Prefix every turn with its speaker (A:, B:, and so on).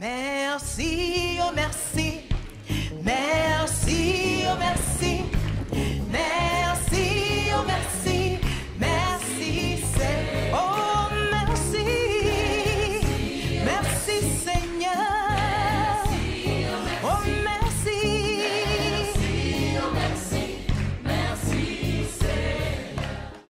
A: Merci, oh merci.